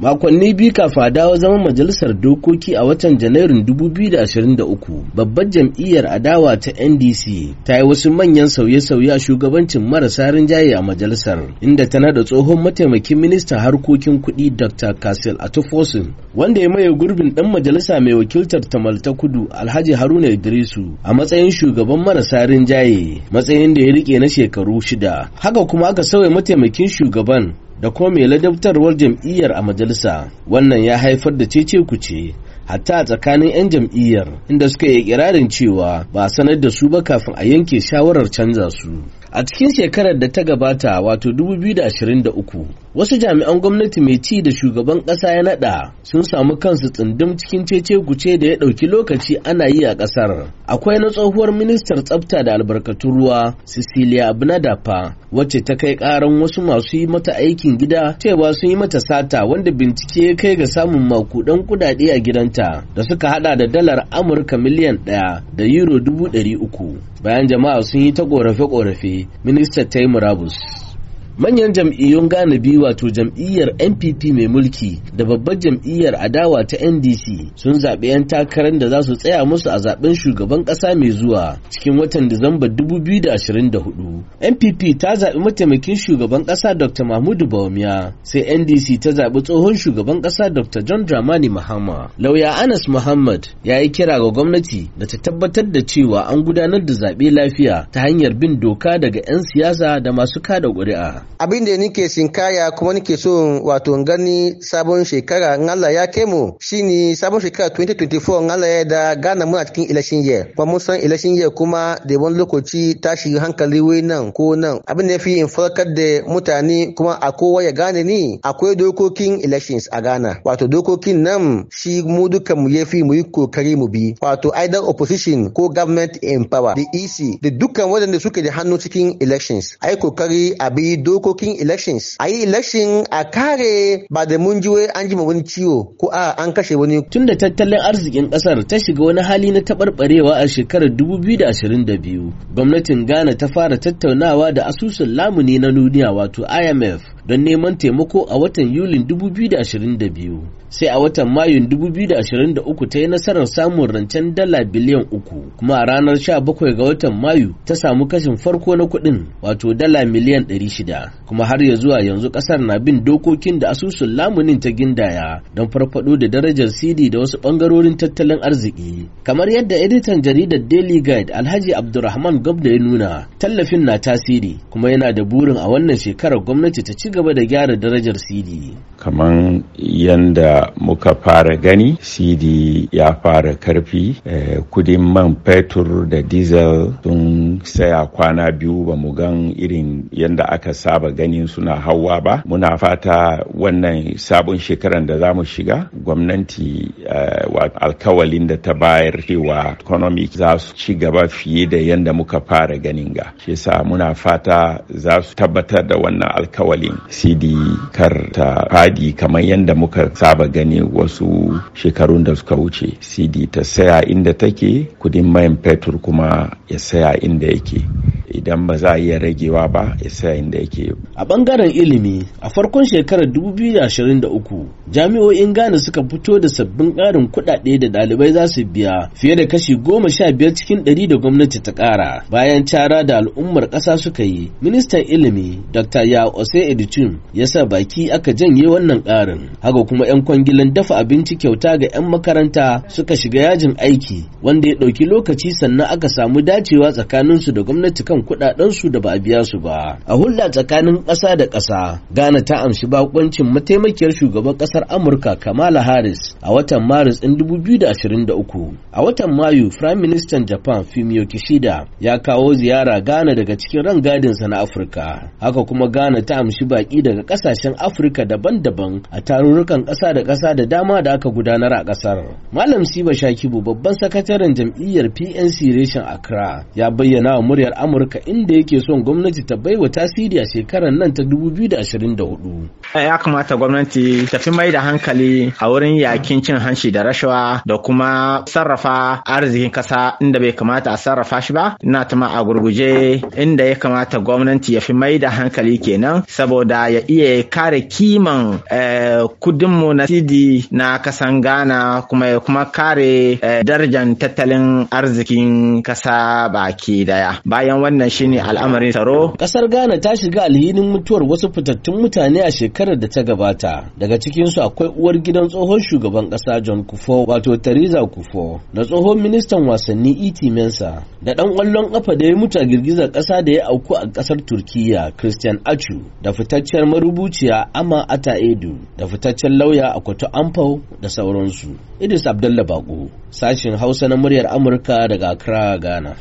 makonni biyu kafa dawo zaman majalisar dokoki a watan janairun 2023 babbar jam'iyyar adawa ta ndc ta yi wasu manyan sauye-sauye a shugabancin marasa rinjaye a majalisar inda ta nada tsohon mataimakin Minista harkokin kuɗi dr kasil atufosin wanda ya maye gurbin ɗan majalisa mai wakiltar tamal ta kudu alhaji haruna idrisu a matsayin shugaban marasa rinjaye matsayin da ya rike na shekaru shida haka kuma aka sauya mataimakin shugaban da kuma mai ladabtarwar jam'iyyar a majalisa wannan ya haifar da cece kuce hatta a tsakanin 'yan jam'iyyar inda suka yi kirarin cewa ba sanar da su ba kafin a yanke shawarar canza su a cikin shekarar da ta gabata wato 2023 wasu jami'an gwamnati mai ci da shugaban ƙasa ya naɗa sun samu kansu tsundum cikin cece guce da ya ɗauki lokaci ana yi a ƙasar akwai na tsohuwar ministar tsafta da albarkatun ruwa cecilia abinadapa wacce ta kai ƙaran wasu masu yi mata aikin gida cewa sun yi mata sata wanda bincike ya kai ga samun makudan kuɗaɗe a gidanta da suka hada da dalar amurka miliyan ɗaya da euro dubu ɗari uku bayan jama'a sun yi ta ƙorafe-ƙorafe ministar ta yi murabus manyan jam'iyyun gane biyu wato jam'iyyar NPP mai mulki da babbar jam'iyyar adawa ta NDC sun zaɓi 'yan takarar da za su tsaya musu a zaɓen shugaban ƙasa mai zuwa cikin watan Disamba 2024. NPP ta zaɓi mataimakin shugaban ƙasa Dr. Mahmudu Bawumia sai NDC ta zaɓi tsohon shugaban ƙasa Dr. John Dramani Mahama. Lauya Anas Muhammad ya yi kira ga gwamnati da ta tabbatar da cewa an gudanar da zaɓe lafiya ta hanyar bin doka daga 'yan siyasa da masu kada ƙuri'a. abin da nike kaya kuma nike so wato gani sabon shekara in Allah ya kai mu shine sabon shekara 2024 in Allah ya da gana muna cikin election year kuma mun san election year kuma da wani lokaci tashi hankali wai nan ko nan abin da yafi in farkar da mutane kuma a kowa ya gane ni akwai dokokin elections a Ghana wato dokokin nan shi mu duka mu yafi mu yi kokari mu bi wato either opposition ko government in power the EC da dukkan waɗanda suke da hannu cikin elections ai kokari a bi dokokin elections a yi election a kare ba da mun ji an ji wani ciwo ko a an kashe wani tun da tattalin arzikin kasar ta shiga wani hali na taɓarɓarewa a shekarar 2022 gwamnatin Ghana ta fara tattaunawa da asusun lamuni na duniya wato IMF don neman taimako a watan Yulin 2022 sai a watan Mayun 2023 ta yi nasarar samun rancen dala biliyan uku kuma a ranar 17 ga watan Mayu ta samu kashin farko na kuɗin wato dala miliyan 600 kuma har ya zuwa yanzu ƙasar na bin dokokin da asusun lamunin ta gindaya don farfado da darajar CD da wasu ɓangarorin tattalin arziki kamar yadda editan jaridar Daily Guide Alhaji Abdurrahman Gabda ya nuna tallafin na tasiri kuma yana da burin a wannan shekarar gwamnati ta ci gaba gaba da gyara darajar cd kamar yadda muka fara gani cd ya fara karfi eh, kudin man fetur da diesel sun saya kwana biyu ba mu gan irin yadda aka saba ganin suna hawa ba muna fata wannan sabon shekaran da za mu shiga gwamnati eh, alkawalin da ta bayar cewa economic za su ci gaba fiye da yadda muka fara ganin ga shi muna fata za su tabbatar da wannan alkawalin cd kar ta fadi kamar yadda muka saba gani wasu shekarun da suka wuce cd ta saya inda take kudin mayan fetur kuma ya saya inda yake idan ba za a iya ragewa ba ya saya inda yake a bangaren ilimi a farkon shekarar 2023 jami'o'in Ghana suka fito da sabbin ƙarin kuɗaɗe da ɗalibai za su biya fiye da kashi goma sha biyar cikin ɗari da gwamnati ta ƙara bayan cara da al'ummar ƙasa suka yi ministan ilimi Dr. Ya Ose Edichun ya sa baki aka janye wannan ƙarin haka kuma 'yan kwangilan dafa abinci kyauta ga 'yan makaranta suka shiga yajin aiki wanda ya ɗauki lokaci sannan aka samu dacewa tsakaninsu da gwamnati kan kuɗaɗensu da ba a biya su ba a hulɗa tsakanin ƙasa da ƙasa Ghana ta amshi bakoncin mataimakiyar shugaban ƙasa kasar Amurka Kamala Harris a watan Maris ɗin 2023. A watan Mayu, Prime Minister Japan Fumio Kishida ya kawo ziyara Ghana daga cikin rangadinsa na Afirka. Haka kuma Ghana ta amshi baƙi daga ƙasashen Afirka daban-daban a tarurrukan ƙasa da ƙasa da dama da aka gudanar a ƙasar. Malam Siba Shakibu babban sakataren jam'iyyar PNC reshen Accra ya bayyana wa muryar Amurka inda yake son gwamnati ta baiwa tasiri a shekarar nan ta 2024. Ya kamata gwamnati tafi mai mai da hankali a wurin yakin cin hanci da rashawa da kuma sarrafa arzikin kasa inda bai kamata a sarrafa shi ba ina tuma a gurguje inda ya kamata gwamnati ya fi mai da hankali kenan saboda ya iya kare kiman eh, kudinmu na sidi na kasan ghana kuma ya kuma kare eh, darajan tattalin arzikin kasa baki daya bayan wannan shine al'amarin tsaro kasar ghana ta shiga alhinin mutuwar wasu fitattun mutane a shekarar da ta gabata daga cikin cikinsu akwai uwar gidan tsohon shugaban ƙasa John Kufo wato Theresa Kufo da tsohon ministan wasanni Itimensa e Mensa da ɗan kwallon ƙafa da ya mutu a girgizar ƙasa da ya auku a ƙasar Turkiyya Christian Achu da fitaccen marubuciya Ama Ata Edu da fitaccen lauya a Akwato Amfau da sauransu. Idris Abdullah Bako sashin Hausa na muryar Amurka daga Accra, Ghana.